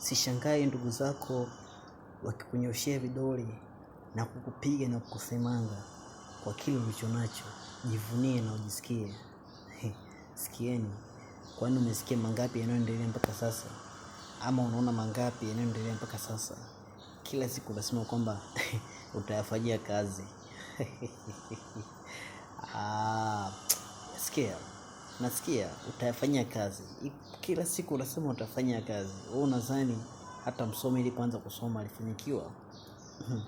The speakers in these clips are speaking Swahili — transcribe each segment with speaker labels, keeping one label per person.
Speaker 1: Sishangae ndugu zako wakikunyoshea vidole na kukupiga na kukusemanga kwa kile ulicho nacho. Jivunie na ujisikie. Sikieni, kwani umesikia mangapi yanayoendelea mpaka sasa? Ama unaona mangapi yanayoendelea mpaka sasa? Kila siku unasema kwamba utayafanyia kazi. Ah, sikia nasikia utafanya kazi kila siku, unasema utafanya kazi. Wewe unadhani hata msomi ili kwanza kusoma alifanikiwa? Hmm.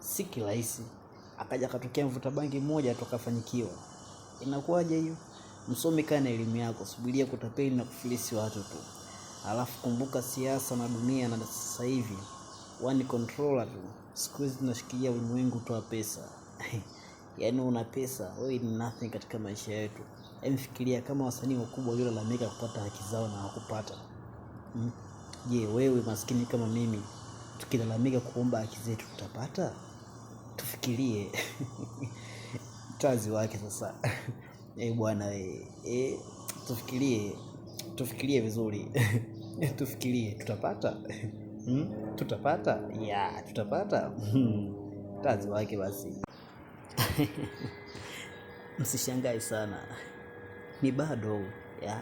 Speaker 1: si kirahisi, akaja akatokea mvuta bangi mmoja tu akafanikiwa. Inakuwaje hiyo? Msomi, kaa na elimu yako, subiria kutapeli na kufilisi watu tu. Alafu kumbuka siasa na dunia na sasa hivi one controller tu, siku hizi tunashikilia ulimwengu, toa pesa yaani una pesa wewe ni nothing katika maisha yetu emfikiria yaani kama wasanii wakubwa waliolalamika kupata haki zao na hawakupata Je, mm. Je, wewe maskini kama mimi tukilalamika kuomba haki zetu tutapata? Tufikirie tazi wake sasa. E bwana e, e, tufikirie tufikirie vizuri tufikirie tutapata hmm? tutapata ya yeah, tutapata tazi wake basi. Msishangae sana ni bado ya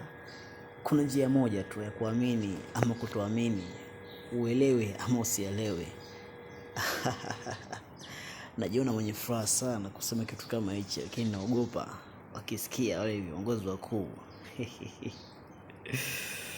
Speaker 1: kuna njia moja tu ya kuamini ama kutoamini, uelewe ama usielewe. Najiona mwenye furaha sana kusema kitu kama hichi, lakini naogopa wakisikia wale viongozi wakuu